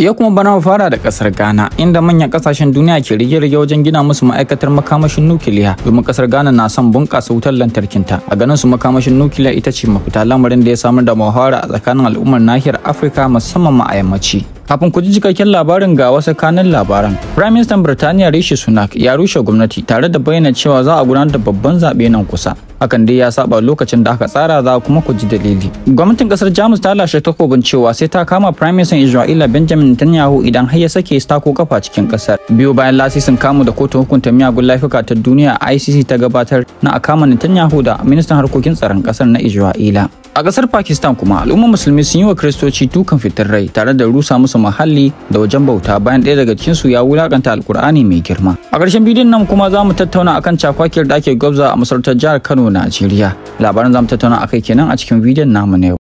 ya kuma bana fara da kasar Ghana inda manyan kasashen duniya ke rige-rige wajen gina musu ma'aikatar makamashin nukiliya domin kasar Ghana na son bunƙasa wutar lantarkinta. A ganin su makamashin nukiliya ita ce mafita lamarin da ya samar da muhawara a tsakanin al'ummar nahiyar Afirka musamman ma a yammaci. Kafin ku ji cikakken labarin ga wasu kanan labaran. Prime Minister Birtaniya Rishi Sunak ya rushe gwamnati tare da bayyana cewa za a gudanar da babban zaɓe nan kusa. hakan dai ya saba lokacin da aka tsara za kuma ku ji dalili gwamnatin kasar jamus ta lashe takobin cewa sai ta kama prime minister isra'ila benjamin netanyahu idan har ya sake ko kafa cikin kasar biyo bayan lasisin kamu da kotun hukunta miyagun laifuka ta duniya icc ta gabatar na a kama netanyahu da ministan harkokin tsaron kasar na isra'ila A ƙasar Pakistan kuma al'ummar musulmi sun yi wa kiristoci tukan fitar rai tare da rusa musu muhalli da wajen bauta bayan ɗaya daga cikinsu ya wulakanta alkur'ani mai girma. A ƙarshen bidiyon nan kuma za mu tattauna akan cakwakiyar da ake gwabza a masarautar jihar Kano Najeriya. Labaran za mu tattauna akai kenan a cikin bidiyon namu ne yau.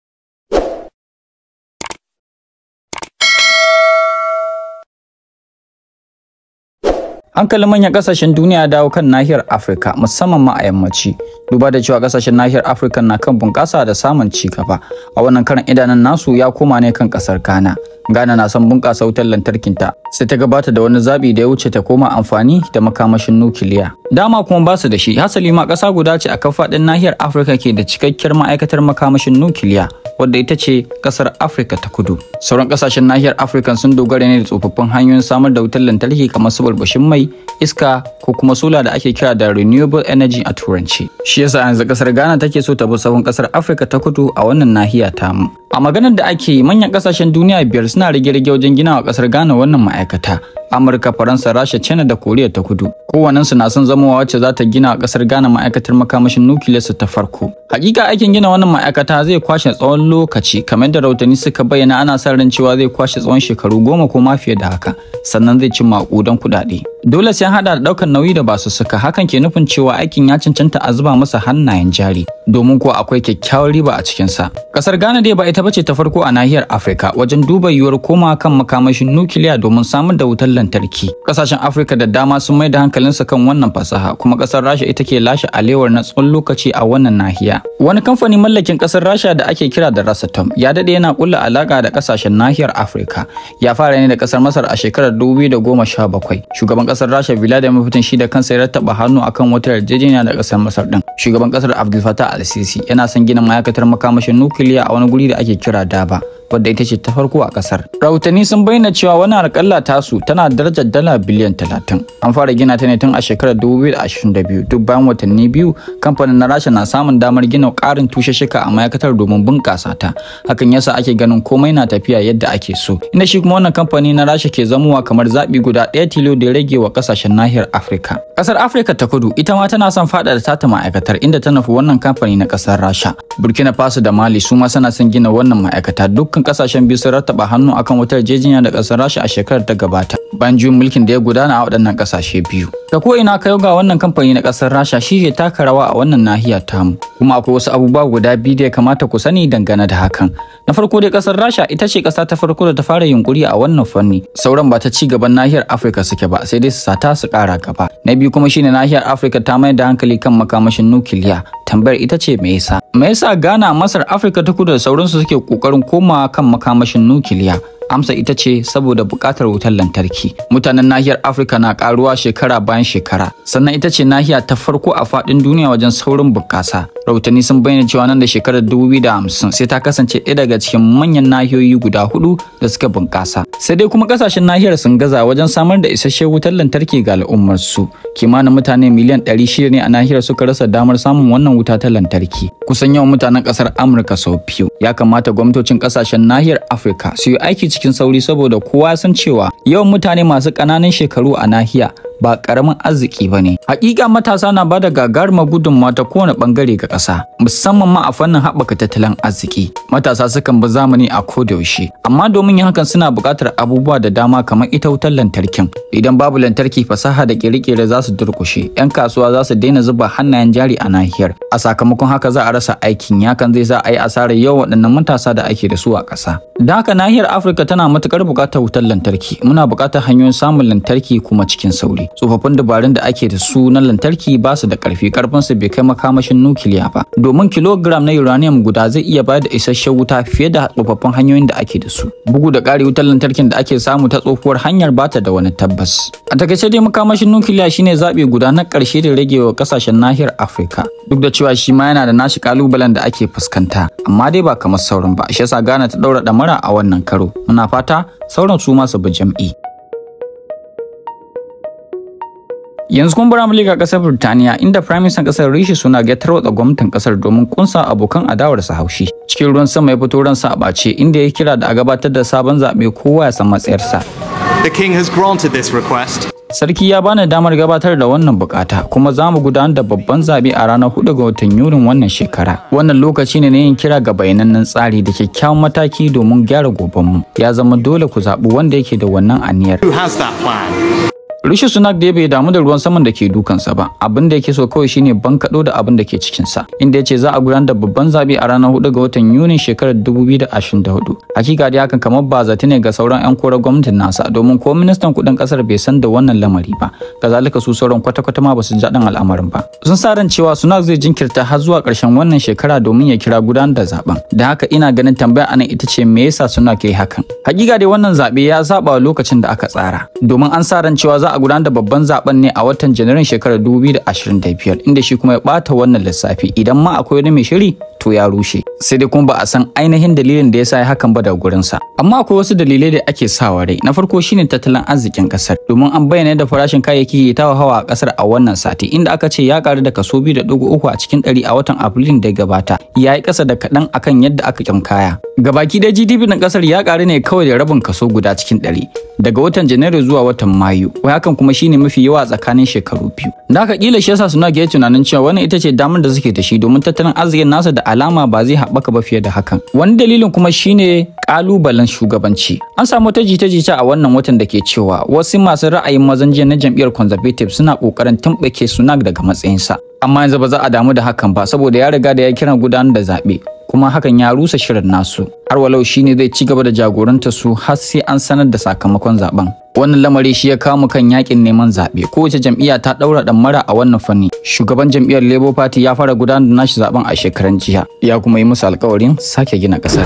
hankalin manyan kasashen duniya ya dawo kan nahiyar afirka musamman ma a yammaci duba da cewa kasashen nahiyar afirka na kan bunƙasa da samun ci gaba a wannan karan idanun nasu ya koma ne kan ƙasar ghana ghana na son bunƙasa wutar lantarkinta sai ta gabata da wani zaɓi da ya wuce ta koma amfani da makamashin nukiliya dama kuma ba su da shi hasali ma ƙasa guda ce a kan faɗin nahiyar afirka ke da cikakkiyar ma'aikatar makamashin nukiliya wadda ita ce kasar Afirka ta kudu. Sauran kasashen nahiyar Afirka sun dogara ne da tsofaffin hanyoyin samar da wutar lantarki kamar su balbashin mai, iska ko kuma sola da ake kira da renewable energy a turanci. Shi yasa yanzu kasar Ghana take so ta bi sabon kasar Afirka ta kudu a wannan nahiya tamu. A maganar da ake yi manyan kasashen duniya biyar suna rige-rige wajen gina wa kasar Ghana wannan ma'aikata. Amurka, Faransa, Rasha, China da Koriya ta Kudu. Kowanensu na son zamowa wacce za ta gina kasar Ghana ma'aikatar makamashin su ta farko. Hakika aikin gina wannan ma'aikata zai kwashe tsawon lokaci kamar da rautani suka bayyana ana son ran cewa zai kwashe tsawon shekaru goma ko ma fiye da haka sannan zai ci maƙudan kuɗaɗe. Dole sai hada da ɗaukar nauyi da basu suka hakan ke nufin cewa aikin ya cancanta a zuba masa hannayen jari domin ko akwai kyakkyawar riba a cikinsa. Kasar Ghana dai ba ita bace ta farko a nahiyar Afirka wajen duba yiwuwar koma kan makamashin nukiliya domin samar da wutar lantarki kasashen afirka da dama sun mai da hankalinsu kan wannan fasaha kuma kasar rasha ita ke lashe alewar na tsawon lokaci a wannan nahiya wani kamfani mallakin kasar rasha da ake kira da rasatom ya dade yana kulla alaka da kasashen nahiyar afirka ya fara ne da kasar masar a shekarar 2017 shugaban kasar rasha vladimir putin shi da kansa ya rattaba hannu akan wata yarjejeniya da kasar masar din shugaban kasar abdul fattah al-sisi yana son gina ma'aikatar makamashin nukiliya a wani guri da ake kira daba wadda ita ce ta farko a kasar. Rahotanni sun bayyana cewa wani alƙalla tasu tana darajar dala biliyan talatin. An fara gina ta ne tun a shekarar 2022 duk bayan watanni biyu kamfanin na Rasha na samun damar gina ƙarin tushe-shika a ma'aikatar domin bunƙasa ta. Hakan yasa ake ganin komai na tafiya yadda ake so. Inda shi kuma wannan kamfani na Rasha ke zamuwa kamar zaɓi guda ɗaya tilo da ya rage wa ƙasashen nahiyar Afirka. Ƙasar Afirka ta kudu ita ma tana son da tata ma'aikatar inda ta nufi wannan kamfani na ƙasar Rasha. Burkina Faso da Mali su ma suna son gina wannan ma'aikata duk dukkan kasashen biyu sun rattaba hannu akan wutar jejinya da kasar Rasha a shekarar ta gabata Ban juyin mulkin da ya gudana a waɗannan kasashe biyu. Da ko ina ka ga wannan kamfani na kasar Rasha shi ke taka rawa a wannan nahiya tamu kuma akwai wasu abubuwa guda biyu da ya kamata ku sani dangane da hakan. Na farko dai kasar Rasha ita ce kasa ta farko da ta fara yunkuri a wannan fanni sauran ba ta ci gaban nahiyar Afirka suke ba sai dai su sata su kara gaba. Na biyu kuma shine nahiyar Afirka ta mai da hankali kan makamashin nukiliya tambayar ita ce me yasa. Me yasa Ghana Masar Afirka ta kudu da sauransu suke kokarin koma kan makamashin nukiliya amsa ita ce saboda buƙatar wutar lantarki mutanen nahiyar afirka na ƙaruwa shekara bayan shekara sannan ita ce nahiya ta farko a faɗin duniya wajen saurin bunƙasa rahotanni sun bayyana cewa nan da shekarar 2050 sai ta kasance ɗaya daga cikin manyan nahiyoyi guda hudu da suka bunƙasa sai dai kuma kasashen nahiyar sun gaza wajen samar da isasshen wutar lantarki ga al'ummarsu kimanin mutane miliyan 600 ne a nahiyar suka rasa damar samun wannan wuta ta lantarki kusan yawan mutanen kasar amurka sau biyu ya kamata gwamnatocin kasashen nahiyar afirka su yi aiki cikin sauri saboda kowa san cewa yawan mutane masu ƙananan shekaru a nahiya ba karamin arziki ba ne. Hakika matasa na bada gagarumar gudunmawa ta kowane bangare ga ƙasa, musamman ma a fannin haɓaka tattalin arziki. Matasa sukan bi zamani a kodayaushe, amma domin yin hakan suna buƙatar abubuwa da dama kamar ita wutar lantarkin. Idan babu lantarki fasaha da ƙere-ƙere za su durƙushe, 'yan kasuwa za su daina zuba hannayen jari a nahiyar. A sakamakon haka za a rasa aikin yakan zai za a yi asarar yawan waɗannan matasa da ake da su a ƙasa. Da haka nahiyar Afirka tana matuƙar buƙatar wutar lantarki, muna buƙatar hanyoyin samun lantarki kuma cikin sauri. tsofaffin dabarun da ake da su na lantarki ba su da karfi karfin su bai kai makamashin nukiliya ba domin kilogram na uranium guda zai iya bayar da isasshen wuta fiye da tsofaffin hanyoyin da ake da su bugu da ƙari wutar lantarkin da ake samu ta tsohuwar hanyar ba ta da wani tabbas a takaice dai makamashin nukiliya shine zaɓi guda na ƙarshe da rage wa ƙasashen nahiyar afirka duk da cewa shi ma yana da nashi ƙalubalen da ake fuskanta amma dai ba kamar sauran ba shi yasa Ghana ta ɗaura ɗamara a wannan karo muna fata sauran su ma su bi jam'i yanzu kuma bara mulki a kasar Burtaniya inda Prime Minister kasar Rishi suna ya tarwatsa gwamnatin kasar domin kunsa abokan adawar sa haushi. Cikin ruwan sama ya fito sa a bace inda ya kira da a gabatar da sabon zabe kowa ya san matsayarsa. The king has granted this request. Sarki ya bani damar gabatar da wannan bukata kuma za mu gudanar da babban zabe a ranar 4 ga watan Yunin wannan shekara. Wannan lokaci ne na yin kira ga bayanannen tsari da kyakkyawan mataki domin gyara gobenmu. Ya zama dole ku zaɓi wanda yake da wannan aniyar. Who has Rishi Sunak dai bai damu da ruwan saman da ke dukansa ba, abin da yake so kawai shine bankado da abin da ke cikinsa, inda ya ce za a gudanar da babban zaɓe a ranar 4 ga watan Yuni shekarar 2024. Hakika dai hakan kamar ba zati ne ga sauran 'yan korar gwamnatin nasa domin ko ministan kuɗin kasar bai san da wannan lamari ba, kazalika su sauran kwata-kwata ma ba su jaɗin al'amarin ba. Sun sa ran cewa Sunak zai jinkirta har zuwa ƙarshen wannan shekara domin ya kira gudanar da zaben. Da haka ina ganin tambaya anan ita ce me yasa Sunak ya hakan? Hakika dai wannan zaɓe ya saba lokacin da aka tsara, domin an sa ran cewa za a gudanar da babban zaben ne a watan Janairun shekarar 2025 inda shi kuma ya ɓata wannan lissafi idan ma akwai wani mai shiri wato ya rushe sai dai kuma ba a san ainihin dalilin da ya sa hakan ba da gurinsa amma akwai wasu dalilai da ake sawa rai na farko shine tattalin arzikin kasar domin an bayyana da farashin kayayyaki ya tawa hawa a kasar a wannan sati inda aka ce ya karu da kaso uku a cikin ɗari a watan afrilun da gabata ya yi kasa da kadan akan yadda aka kaya gabaki da gdp na kasar ya karu ne kawai da rabin kaso guda cikin ɗari daga watan janairu zuwa watan mayu wai hakan kuma shine mafi yawa tsakanin shekaru biyu da aka kila shi yasa suna ga tunanin cewa wannan ita ce damar da suke da domin tattalin arzikin nasa da alama ba zai haɓaka ba fiye da hakan wani dalilin kuma shine ƙalubalen shugabanci an samu ta jita-jita a wannan watan da ke cewa wasu masu ra'ayin mazan jiya na jam'iyyar conservative suna kokarin tumɓake sunak daga matsayinsa amma yanzu ba za a damu da hakan ba saboda ya riga da ya kiran gudanar da zaɓe kuma hakan ya rusa shirin nasu har walau shine zai ci gaba da jagoranta su har sai an sanar da sakamakon zaben wannan lamari shi ya kama kan yakin neman zaɓe kowace jam'iyya ta ɗaura mara a wannan fanni shugaban jam'iyyar labour party ya fara gudanar da nashi zaben a shekaran jiya ya kuma yi musu alƙawarin sake gina ƙasar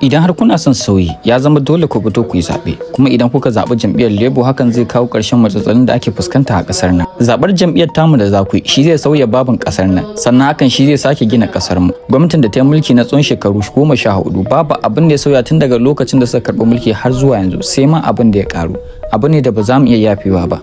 Idan har kuna son sauyi, ya zama dole ku fito ku yi zaɓe, kuma idan kuka zaɓi jam'iyyar Labour hakan zai kawo ƙarshen matsatsalin da ake fuskanta a ƙasar nan. Zaɓar jam'iyyar tamu da za ku yi shi zai sauya babin ƙasar nan, sannan hakan shi zai sake gina ƙasar mu. Gwamnatin da ta yi mulki na tsawon shekaru goma sha hudu babu abin da ya sauya tun daga lokacin da suka karɓi mulki har zuwa yanzu sai ma abin da ya ƙaru. Abu ne da ba za mu iya yafewa ba.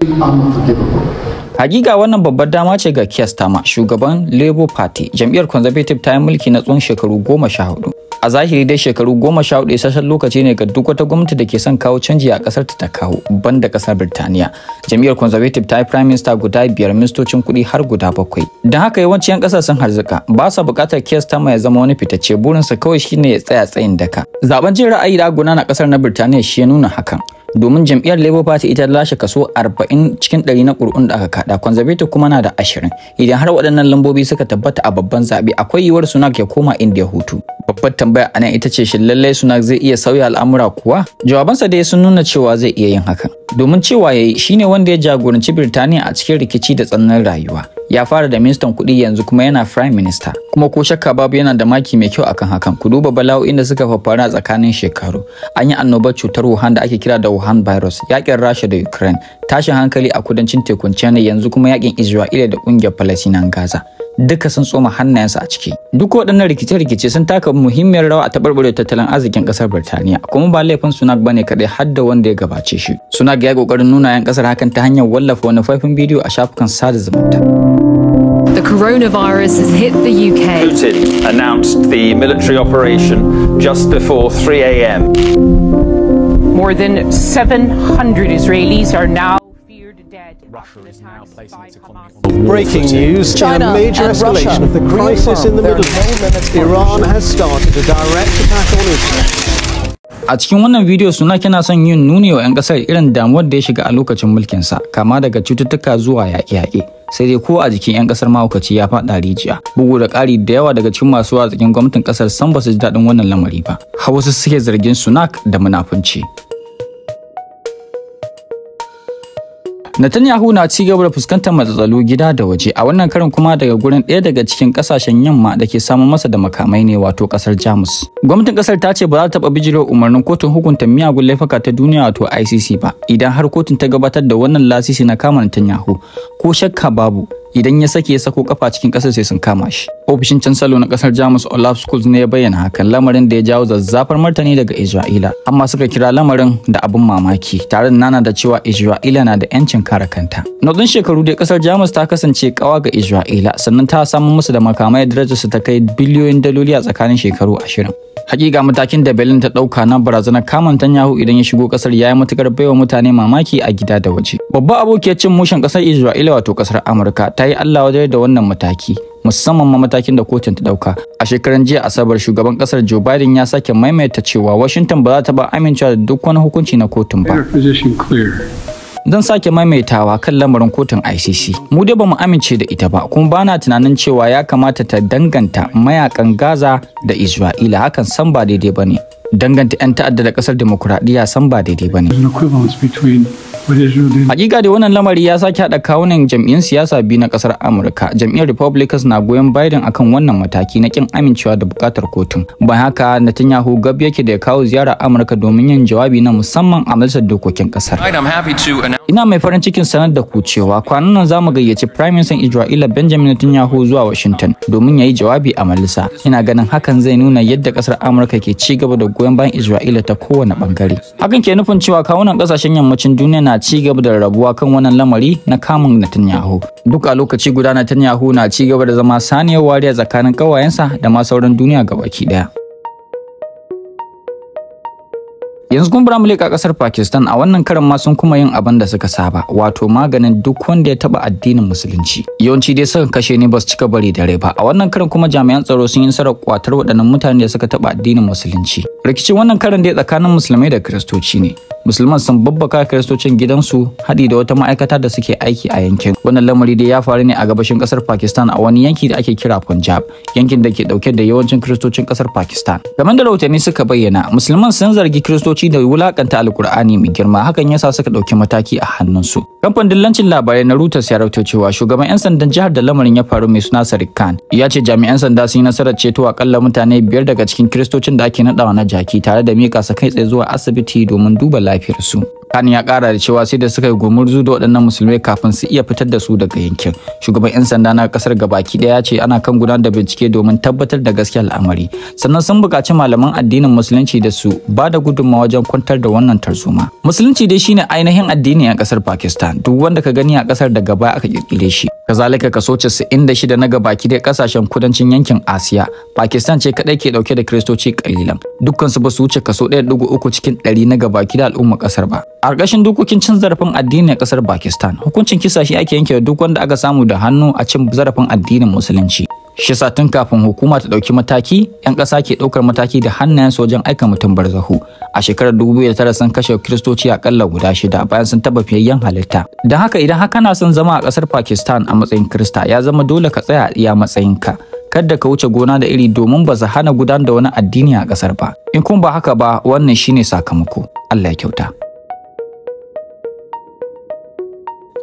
Hakika wannan babbar dama ce ga Keir Starmer, shugaban Labour Party, jam'iyyar Conservative ta yi mulki na tsawon shekaru goma sha hudu. a zahiri dai shekaru goma sha hudu isasshen lokaci ne ga duk wata gwamnati da ke son kawo canji a kasar ta kawo ban da kasar birtaniya jam'iyyar conservative ta yi prime minister guda biyar ministocin kuɗi har guda bakwai don haka yawanci yan kasa sun harzuka ba sa bukatar kiyas ta ya zama wani fitacce burinsa kawai shine ya tsaya tsayin daka zaben jin ra'ayi da guna na kasar na birtaniya shi ya nuna hakan domin jam'iyyar labour party ita lashe kaso 40 cikin 100 na ƙuri'un da aka kada conservative kuma na da 20 idan har waɗannan lambobi suka tabbata a babban zaɓe akwai yiwuwar sunak ya koma india hutu babbar tambaya anan ita ce shin lallai sunak zai iya sauya al'amura kuwa jawabansa dai sun nuna cewa zai iya yin hakan domin cewa yayi shine wanda ya jagoranci birtaniya a cikin rikici da tsananin rayuwa ya fara da ministan kuɗi yanzu kuma yana prime minister kuma ko shakka babu yana da maki mai kyau akan hakan ku duba bala'o'in da suka faru a tsakanin shekaru an yi annobar cutar Wuhan da ake kira da Wuhan virus yakin Rasha da Ukraine tashin hankali a kudancin tekun China yanzu kuma yakin Isra'ila da ƙungiyar Palestinian Gaza duka sun tsoma hannayensu a ciki. Duk waɗannan rikice-rikice sun taka muhimmiyar rawa a taɓarɓare tattalin arzikin ƙasar Birtaniya, kuma ba laifin Sunak bane kaɗai har da wanda ya gabace shi. Sunak ya kokarin ƙoƙarin nuna 'yan ƙasar hakan ta hanyar wallafa wani faifin bidiyo a shafukan sada zumunta. The coronavirus has hit the UK. Putin announced the military operation just before 3 a.m. More than 700 Israelis are now. Russia is now placing its economy on Breaking news China a major escalation Russia of the crisis in the Middle East. Iran has started a direct attack on Israel. A cikin wannan bidiyo suna kina son yin nuni wa 'yan kasar irin damuwar da ya shiga a lokacin mulkinsa, kama daga cututtuka zuwa yaƙe-yaƙe. sai dai ko a jikin 'yan kasar mahaukaci ya faɗa rijiya bugu da ƙari da yawa daga cikin masu watsakin gwamnatin kasar san ba su ji daɗin wannan lamari ba har wasu suke zargin sunak da munafunci Netanyahu na ci gaba da fuskantar matsalolu gida da waje a wannan karin kuma daga gurin ɗaya daga cikin ƙasashen yamma da ke samun masa da makamai ne wato ƙasar Jamus. Gwamnatin ƙasar ta ce ba za ta taɓa bijiro umarnin kotun hukunta miyagun laifuka ta duniya wato ICC ba idan har kotun ta gabatar da wannan lasisi na kama Netanyahu ko shakka babu idan ya sake ya sako kafa cikin kasar sai sun kama shi ofishin cansalo na kasar jamus olaf schools ne ya bayyana hakan lamarin da ya jawo zazzafar martani daga isra'ila amma suka kira lamarin da abin mamaki tare da nana da cewa isra'ila na da yancin kare kanta nau'in shekaru da kasar jamus ta kasance kawa ga isra'ila sannan ta samu musu da makamai darajar su ta kai biliyoyin daloli a tsakanin shekaru ashirin hakika matakin da Berlin ta ɗauka na barazanar kamun Tanyahu idan ya shigo kasar ya yi matukar baiwa mutane mamaki a gida da waje. Babba abokiyar cin mushen kasar Isra'ila wato kasar Amurka ta yi Allah wajen da wannan mataki musamman ma matakin da kotun ta dauka a shekaran jiya asabar shugaban kasar Joe Biden ya sake maimaita cewa Washington ba za ta ba amincewa da duk wani hukunci na kotun ba zan sake maimaitawa kan lamarin kotun ICC. Mu dai bamu amince da ita ba, kuma bana tunanin cewa ya kamata ta danganta mayakan Gaza da Isra'ila hakan san ba daidai bane. Danganta 'yan ta'adda da kasar demokuraɗiyya san ba daidai bane. Hakika da wannan lamari ya sake haɗa kawunan jam'iyyun siyasa biyu na ƙasar Amurka. Jam'iyyar Republicans na goyon Biden akan wannan mataki na kin amincewa da buƙatar kotun. Bayan haka Netanyahu gab yake da ya kawo ziyara Amurka domin yin jawabi na musamman a majalisar dokokin ƙasar. Ina mai farin cikin sanar da ku cewa kwanan nan za mu gayyaci Prime Minister Isra'ila Benjamin Netanyahu zuwa Washington domin ya yi jawabi a majalisa. Ina ganin hakan zai nuna yadda ƙasar Amurka ke ci gaba da goyon bayan Isra'ila ta kowane ɓangare. Hakan ke nufin cewa kawunan ƙasashen yammacin duniya na Ana ci gaba da rabuwa kan wannan lamari na kamun Netanyahu. Duk a lokaci guda Netanyahu na ci gaba da zama saniyar wariya tsakanin kawayensa da ma sauran duniya ga baki daya. yanzu kuma bura mu leƙa ƙasar Pakistan a wannan karan ma sun kuma yin abin da suka saba wato maganin duk wanda ya taba addinin musulunci yawanci dai suka kashe ne ba su cika bari da rai ba a wannan karan kuma jami'an tsaro sun yi nasarar kwatar waɗannan mutane da suka taba addinin musulunci rikicin wannan karan dai tsakanin musulmai da kiristoci ne musulman sun babbaka kiristocin gidansu haɗi da wata ma'aikata da suke aiki a yankin wannan lamari dai ya faru ne a gabashin kasar pakistan a wani yanki da ake kira punjab yankin da ke ɗauke da yawancin kiristocin kasar pakistan game da rahotanni suka bayyana musulman sun zargi kiristoci da wulakanta alkur'ani mai girma hakan yasa suka dauki mataki a hannunsu kamfanin dillancin labarai na reuters ya rawaito cewa shugaban yan sandan jihar da lamarin ya faru mai suna sarik khan ya ce jami'an sanda sun yi nasarar ceto akalla mutane biyar daga cikin kiristocin da ake nadawa na jaki tare da mika sa kai tsaye zuwa asibiti domin duba lafiya lafiyarsu. Khan ya kara da cewa sai da suka yi gumurzu da waɗannan musulmai kafin su iya fitar da su daga yankin. Shugaban 'yan sanda na kasar gabaki ɗaya ce ana kan gudanar da bincike domin tabbatar da gaskiyar al'amari. Sannan sun buƙaci malaman addinin musulunci da su ba da gudunmawa wajen kwantar da wannan tarzoma. Musulunci dai shine ainihin addini a kasar Pakistan. Duk wanda ka gani a kasar daga baya aka kirkire shi. Kazalika kaso 96 na gabaki ɗaya kasashen kudancin yankin Asiya. Pakistan ce kaɗai ke dauke da kiristoci kalilan. Dukkansu ba su wuce kaso 1.3 cikin 100 na gabaki da al'umma mu kasar ba a ƙarƙashin dokokin cin zarafin addini a kasar Pakistan hukuncin kisa shi ake yanke duk wanda aka samu da hannu a cin zarafin addinin musulunci shi sa kafin hukuma ta ɗauki mataki 'yan ƙasa ke ɗaukar mataki da hannayensu wajen aika mutum barzahu a shekarar dubu biyu da tara sun kashe kiristoci a ƙalla guda shida bayan sun taba fiyayyen halitta don haka idan haka na son zama a ƙasar pakistan a matsayin kirista ya zama dole ka tsaya a iya matsayinka kadda ka wuce gona da iri domin ba su hana gudanar da wani addini a ƙasar ba in kuma ba haka ba wannan shine sakamako Allah ya kyauta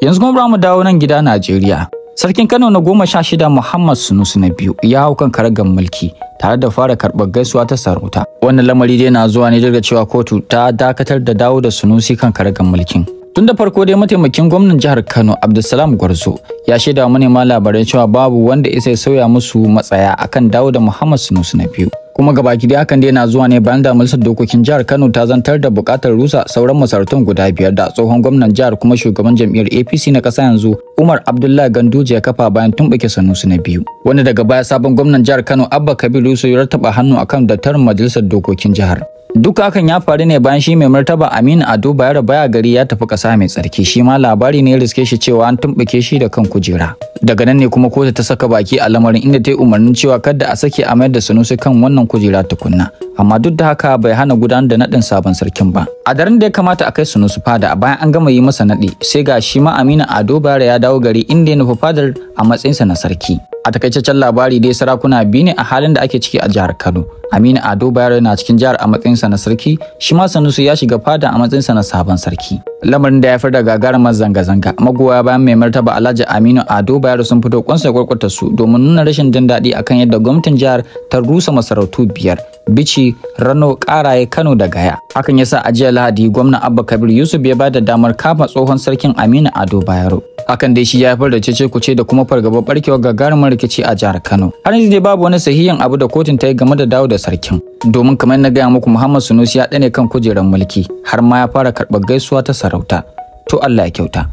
yanzu kuma mu dawo nan gida Najeriya Sarkin Kano na goma sha shida Muhammad Sunusu na biyu ya hau kan karagar mulki tare da fara karɓar gaisuwa ta sarauta. Wannan lamari dai na zuwa ne daga cewa kotu ta dakatar da dawo da Sunusi kan karagar mulkin. Tun da farko dai mataimakin gwamnan jihar Kano Abdulsalam Gwarzo ya shaida manema labarai cewa babu wanda isa ya sauya musu matsaya akan dawo da Muhammad Sunusi na biyu. kuma gabaki da hakan dai na zuwa ne bayan da majalisar dokokin jihar Kano ta zantar da bukatar rusa sauran masarautun guda biyar da tsohon gwamnan jihar kuma shugaban jam'iyyar APC na ƙasa yanzu Umar Abdullahi Ganduje ya kafa bayan tun sanu Sanusi na biyu wanda daga baya sabon gwamnan jihar Kano Abba Kabiru Yusuf ya rattaba hannu akan daftarin majalisar dokokin jihar Duk hakan ya faru ne bayan shi mai martaba Aminu Ado Bayero baya gari ya tafi kasa mai tsarki shi ma labari ne riske shi cewa an tumbuke shi da kan kujera. Daga nan ne kuma kotu ta saka baki a lamarin inda ta yi umarnin cewa kada a sake a mayar da Sanusi kan wannan kujera tukunna. Amma duk da haka bai hana gudanar da naɗin sabon sarkin ba. A daren da ya kamata a kai Sanusi fada bayan an gama yi masa nadi, sai ga shi ma Aminu Ado Bayero ya dawo gari inda ya nufi fadar a matsayinsa na sarki. a takaicaccen labari dai sarakuna biyu ne a halin da ake ciki a jihar Kano. Aminu Ado Bayero na cikin jihar a matsayinsa na sarki, shi ma Sanusi ya shiga fada a matsayinsa na sabon sarki. Lamarin da ya fi da gagarumar zanga-zanga, magoya bayan mai martaba Alhaji Aminu Ado Bayero sun fito kwansa ya kwarkwata su domin nuna rashin jin daɗi akan yadda gwamnatin jihar ta rusa masarautu biyar. bici rano karaye kano da gaya hakan yasa a jiya lahadi gwamna abba kabir yusuf ya bada damar kama tsohon sarkin aminu ado bayero hakan dai shi ya haifar da cece kuce da kuma fargaba barkewar gagarumin rikici a jihar kano har yanzu dai babu wani sahihin abu da kotun ta yi game da dawo da sarkin domin kamar na gaya muku muhammad sunusi ya ɗane kan kujerar mulki har ma ya fara karɓar gaisuwa ta sarauta to allah ya kyauta